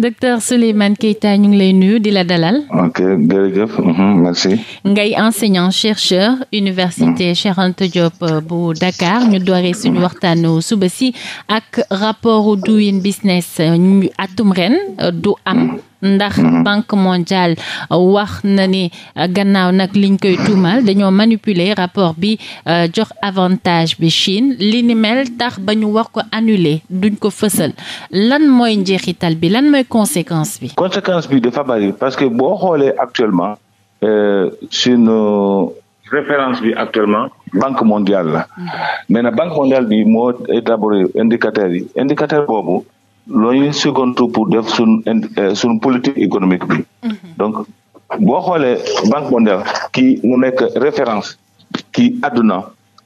docteur Souleymane Keita ñu ngi lay nuyu di la dalal. ok jërëjëf mhm, merci. ngay enseignant chercheur université Cheikh Anta Diop euh, bu Dakar ñu dooree suñu waxtaanu suba si ak rapport doing business euh, atum ren euh, du am. ndax mhm. banque mondiale wax na ni euh, gannaaw nag liñ koy tuumal dañoo manipuler rapport bi euh, jox avantage bi Chine li ni mel tax ba ñu war ko annuler duñ ko fësal lan mooy njeexital bi lan mooy conséquence bi. conséquence bi dafa bari parce que boo xoolee actuellement euh, suñu référence bi actuellement banque mondiale la. Mhm. mais nag banque mondiale bi moo établir indicateurs yi indicateur boobu. loo ñuy seconde pour def suñ euh, suñ politique économique bi mhm. donc boo xoolee banque mondiale kii mu nekk référence kii àdduna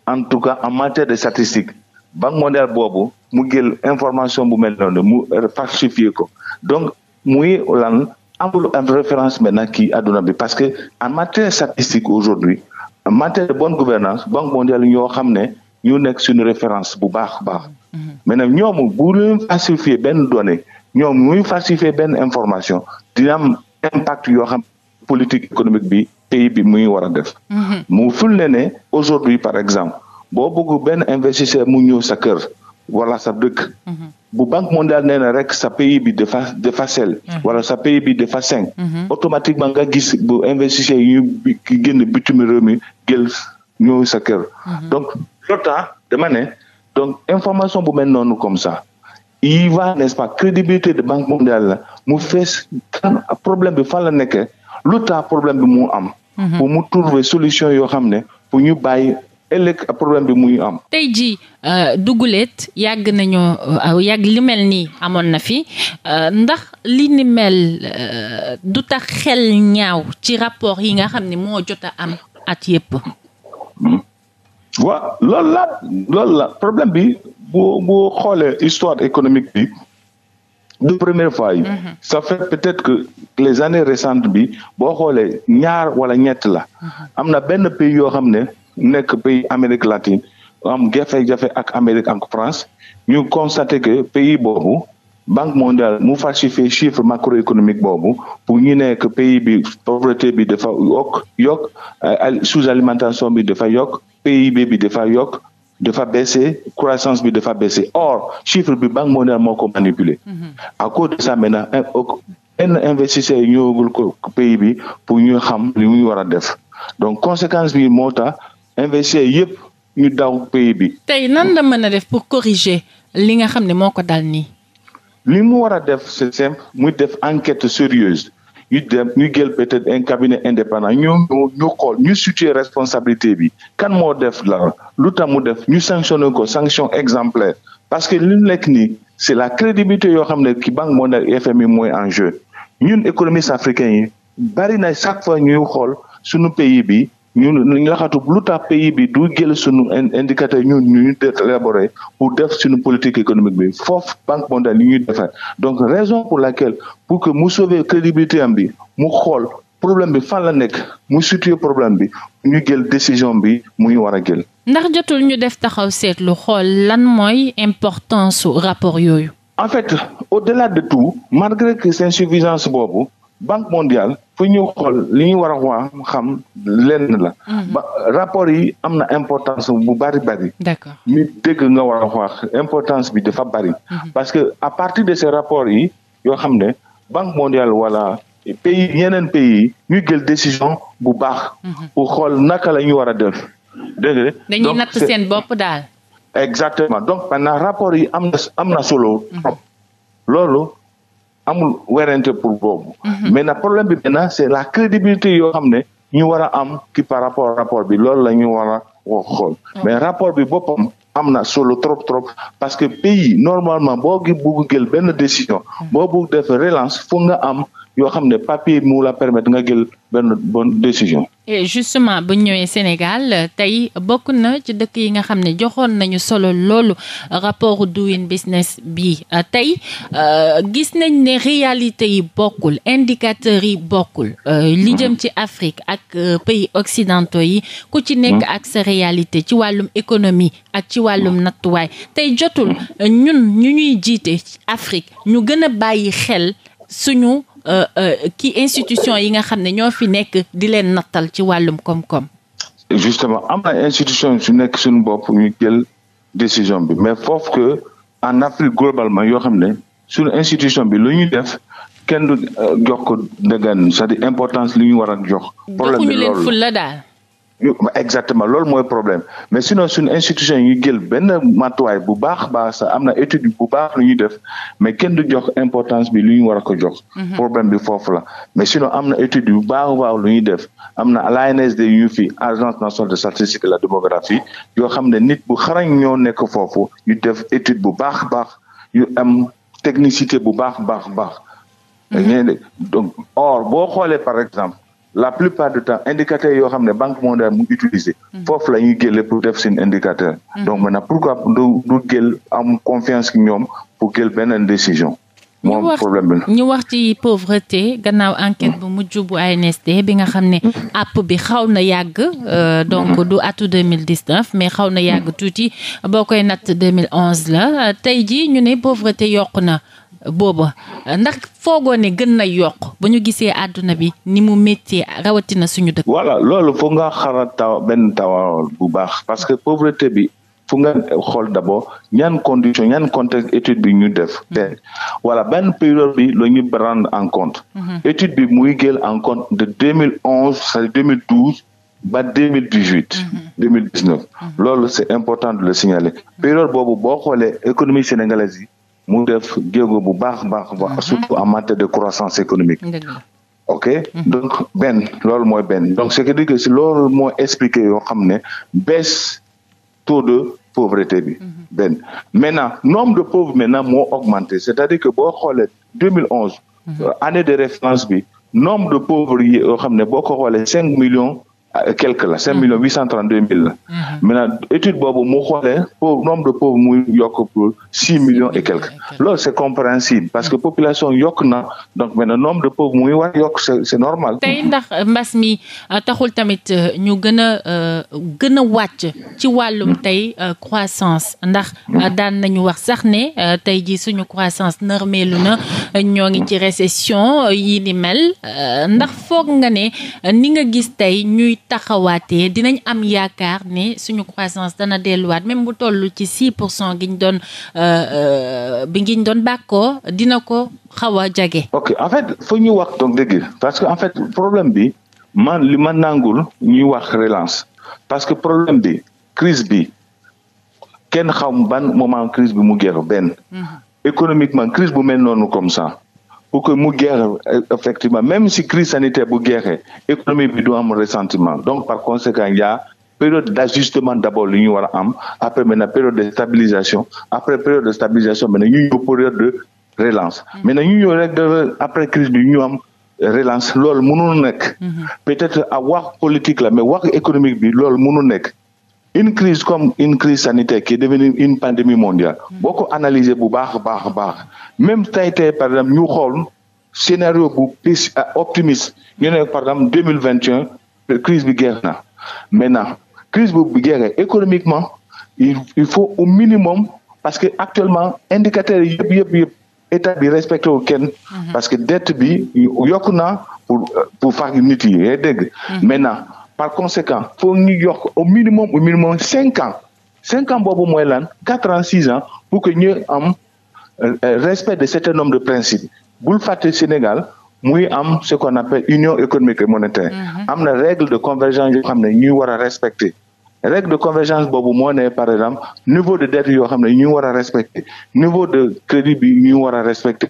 en tout cas en matière de statistique banque mondiale boobu mu jël information bu mel noonu mu falsifié ko donc muy lan amul am référence maintenant kii àdduna bi parce que en matière statistique aujourd'hui en matière de bonne gouvernance banque mondiale ñoo xam ne ñu nekk suñu référence bu baax baax maintenant ñoom bu leen falsifier benn donnée ñoom muy falsifier benn information dina am impact yoo xam politique économique bi pays bi muy war def. Mhm. mu ful ne ne aujourd'hui par exemple boo bëgg benn investisseur mu ñëw sa kër wala sa dëkk. Mhm. bu banque mondiale nee na rek sa pays bi dafa dafa sell. Mhm. wala sa pays bi dafa seng. automatiquement nga gis bu investisseur yi ñu génn bitim mi jël ñëw sa kër. donc loolu tax donc information bu mel noonu comme ça il va n'est-ce pas crédibilité de banque mondiale la mu fees problème bi fala la lu tax problème bi mu am. Mhm. pour mu trouver solution yoo xam ne pour ñu bàyyi. ëllëg problème bi muy am. tey jii euh, duguleet yàgg nañoo euh, yàgg li mel nii amoon na fi euh, ndax li ni mel du tax xel ñaaw ci rapport yi nga xam ni moo jot a am at yépp waaw loolu la loolu la problème bi bu bu xoolee histoire économique bi de première fois yi mm -hmm. peut-être que les années récentes bi boo xoolee ñaar wala ñett la mhm. am na benn pays yoo xam ne nekk pays Amérique latine am jafe-jafe ak Amérique ak France ñu constaté que pays boobu banque mondiale mu falsifié chiffre macroéconomique boobu pour ñu ne que pays bi pauvreté bi dafa yokk yokk euh, sous-alimentation bi dafa yokk PIB bi dafa yokk dafa baissé croissance bi dafa baissé or chiffre bi banque mondiale moo manipulé. Mhm. à cause de ça maintenant benn investisseur yi ñëwagul ko pays bi pour ñu xam li ñu war a def donc conséquence bi moo tax investisseurs yëpp ñu daw pays bi. tey nan la mën a def pour corriger li nga xam ne moo ko dal nii. li mu war a def c'est simple muy def enquête sérieuse ñu dem ñu jël peut-être un cabinet indépendant ñu xool ñu situer responsabilité bi kan moo def la lu tax mu def ñu sanctionné ko sanction exemplaire parce que li mu nekk nii c'est la crédibilité yoo xam ne ki Banque mondiale FMI mooy en jeu ñun économistes africains yi bari na chaque fois ñu xool suñu pays bi ñun ñu laxatu lu tax pays bi du jël sunu indicateur ñun ñu élaboré pour def suñu politique économique bi foofu banque mondiale yi ñuy defar donc raison pour laquelle pour que mu sauver crédibilité am bi mu xool problème bi fan la nekk mu situer problème bi ñu jël décision bi muy war a jël. ndax jotul ñu def taxaw seetlu xool lan mooy importance su rapport yooyu. en fait au-delà de tout malgré que c'est boobu. banque mondiale fu ñu xool li ñu war a wax xam lenn la. Mhm. rapport yi am na importance bu bari bari. d'accord mi dégg nga war a wax importance bi dafa bari. Mhm. parce que à partir de ces rapports yi yoo xam ne banque mondiale wala pays yeneen pays yi ñu jël décision bu baax. Mhm. pour xool naka la ñu war a def dégg nga. dañuy natt seen bopp daal. exactement donc maintenant rapport yi am na solo loolu. amul werante pour boobu. Mhm. maintenant problème bi maintenant c'est la crédibilité yoo xam ne ñu war a am ki par rapport rapport bi loolu la ñu war a xool. mais rapport bi boppam am na solo trop trop parce que pays normalement boo bugg jël benn décision. Mhm. boo bugg def relance foog nga am yoo xam ne papier mu la permettre nga jël benn bonne décision. et eh, justement bu ñëwee Sénégal tey bokk na ci dëkk yi nga xam ne joxoon nañu solo loolu rapport Doing Business bi tey euh, gis nañ ne réalité yi bokkul indicateurs yi bokkul euh, li mhm. jëm ci Afrique ak euh, pays occidentaux yi ku ci nekk mhm. ak sa réalité ci wàllum économie ak ci wàllum mhm. nattuwaay tey jotul ñun ñu ñuy jiite ci Afrique ñu gën a bàyyi xel suñu Euh, euh, ki institution yi nga xam ne ñoo fi nekk di leen nattal ci wàllum koom-koom. justement am na institution su nekk suñu bopp ñu jël décision bi mais foofu que en Afrique globalement yoo xam ne suñu institution bi lu ñu def kenn du euh, jox ko dëggan cest à importance li ñu war a jox. problème bi leen ful daal. exactement loolu mooy problème mais sinon suñu institution yi jël benn matuwaay bu baax baax sax am na étude bu baax lu ñuy def mais kenn du jox importance bi lu ñu war a ko jox. Mhm. problème bi foofu la mais sinon am na étude bu baax a baax lu ñuy def am na l'ANSD ñu fi agence nationale de statistique et de la démographie yoo xam ne nit bu xarañ ñoo nekk foofu yu def étude bu baax baax yu am technicité bu baax baax baax. Mhm. donc or boo xoolee par exemple. la plupart du temps indicateurs yoo xam ne banque mondiale mu utiliser mm-hmm. foofu la ñuy génne pour def seen indicateur mm-hmm. donc na pourquoi du du gél am confiance ki ñoom pour gél benn décision moom problème ñu wax ci pauvreté gannaaw enquête bu mujj bu ANSD bi nga xam ne app bi xaw na yàgg euh, donc mm-hmm. du atu 2019 mais xaw na yàgg tuuti boo koy natt 2011 la tey ji ñu ne pauvreté yokk na booba ndax foogoo ne gën na yokk ba ñu gisee àdduna bi ni mu métti rawatina suñu dëkk. voilà loolu foog nga xara taw benn taw bu baax parce que pauvreté bi fu nga xool d'abord ñaan condition ñaan contexte étude bi ñu def wala mm-hmm. benn période bi la ñu prendre en compte mm-hmm. étude bi muy jël en compte de deux mille onze c'est deux mille douze ba deux mille dix mm-hmm. loolu c'est important de le signaler période boobu boo xoolee économie sénégalaise yi mu def jéego bu baax baax baax uh-huh. surtout en matière de croissance économique ok uh-huh. donc benn loolu mooy benn donc ce qui dit que si loolu moo expliqué yoo xam ne baisse taux de pauvreté bi uh-huh. benn maintenant nombre de pauvres maintenant moo augmenté c'est-à-dire que boo xoolee 2011 année de référence bi nombre de pauvres yi xam ne boo ko xoolee cinq millions Euh, quelque la cinq mm-hmm. millions huit cent mm-hmm. étude boobu mu xoolee nombre de pauvres mu yokk six millions et quelque loolu c' est parce que mm-hmm. population yokk na donc maintenant nombre de pauvres muy war yokk c' est normal tey ndax mbas mi euh, taxul tamit euh, ñu gën a gën a wàcc ci wàllum tey croissance ndax daan nañu wax sax ne tey ji suñu croissance nërmeelu na ñoo ngi ci récession yi ni mel ndax foog nga ne ni nga gis tey ñuy taxawaatee dinañ am yaakaar ni suñu croissance dana delluwaat même bu tollu ci 6 pour cent gi ñu doon euh, euh, bi ngiñ doon bàkkoo dina ko xaw a jage. ok en fait foog ñu wax donc dëgg parce que en fait problème bi man li ma nangul ñuy wax relance parce que problème bi crise bi kenn xaw xam ban moment crise bi mu gér benn mhm. économiquement crise bu mel noonu comme ça pour que mu geer euh, effectivement même si crise sanitaire bu geexee économie bi du am ressentiment donc par conséquent il a période d'ajustement d'abord li ñu war a am après maintenant période de stabilisation après période de stabilisation maintenant ñu ñëw période de relance mm-hmm. maintenant ñu ñëw rek après crise bi ñu am relance loolu mënul nekk mm-hmm. peut à wax politique la mais wax économique bi loolu mënul nekk une crise comme une crise sanitaire qui est devenue une pandémie mondiale mm. boo ko analyser bu baax baax a même tey tey par exemple ñu xool scénario bu plus optimiste ñu ne par exemple deux mille vingt et crise bi geex na mais maintenant crise bu bu geexee économiquement il faut au minimum parce que actuellement indicateurs yi yëpp yëpp yëpp état bi respecté wu kenn mm-hmm. parce que dette bi yokk na pour pour fàq nit yi dégg mm-hmm. maintenant par conséquent foog ñu yokk au minimum au minimum cinq ans cinq ans boobu mooy lan quatre ans six ans pour que ñu am euh, respect de certain nombre de principes bul fàtte Sénégal muy am ce qu'on appelle union économique et monétaire mm-hmm. am na règle de convergence yoo xam ne ñuy war a respecter règle de convergence boobu moo ne par exemple niveau de dette yoo xam ne ñu war a respecter niveau de crédit bi ñu war a respecter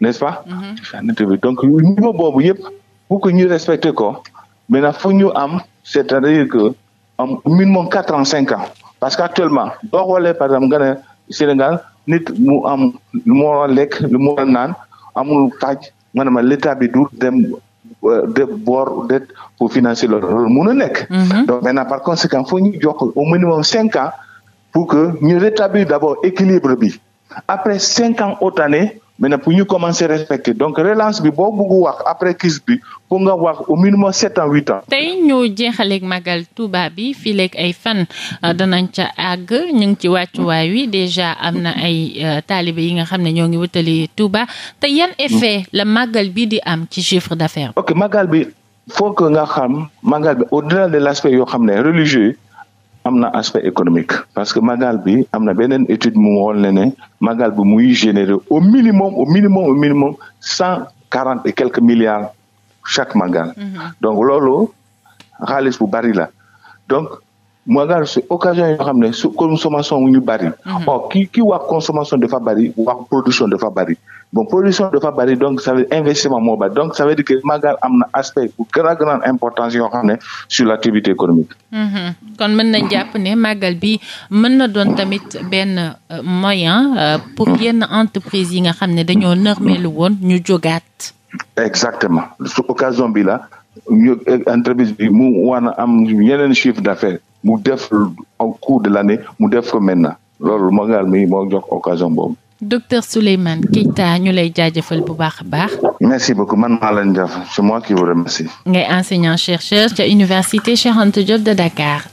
n'est-ce pas mm-hmm. donc niveau boobu yëpp pour que ñu respecter ko maintenant foog ñu am c'est-à-dire que am minimum quatre ans cinq ans parce que actuellement boo xoolee par exemple nga ne Sénégal nit mu am lu mu lekk lu mu war a naan amul xaaj maanaam l'état bi du dem euh, de bord dette pour financer loolu loolu a nekk. Mhm. donc par conséquent foog ñu jox au minimum cinq ans pour que ñu rétablir d'abord équilibre bi après cinq ans autres années maintenant pour ñu commencer respecter donc relance bi boo bëgg wax après crise bi pour nga wax au minimum sept ans huit ans. tey ñu jeexaleek màggal Touba bi fileeg ay fan euh, danañ ca àgg ñu ngi ci wàccuwaay wi déjà am na ay euh, taalibe yi nga xam ne ñoo ngi wutali Touba te yan effet la màggal bi di am ci chiffre d'affaires. ok màggal bi faut que nga xam magal bi au-delà de l'aspect yoo xam ne religieux am na aspect économique parce que magal bi am na beneen étude mu woon ne ne magal bi muy générer au minimum au minimum cent quarante et quelques milliards chaque magal. Mm -hmm. donc loolu bu bari la donc ma nga su yoo xam ne su consommation wu ñu bari bon ki ki wax consommation dafa bari wax production dafa bari bon production dafa bari donc ça veut moom investissement moo bari donc ça veut que Magal am na aspect bu gën a grande importance yoo xam ne sur l' économique. Mhm. kon mën nañ jàpp ne Magal bi mën na doon tamit benn euh, moyen euh, pour yenn entreprise yi nga xam ne dañoo nërmeelu woon ñu jógaat. exactement su occasion bi la ñu euh, entreprise bi mu war a am yeneen chiffre d' affaires. mu def en cours la l'année mu def ko na loolu moo ngal mi moo jox occasion boobu. docteur Souleymane Keita ñu lay jaajëfal bu baax a baax. merci beaucoup man maa leen def c'est moi qui vous remercie. ngay enseignant chercheur ca université Cheikh Anta de Dakar.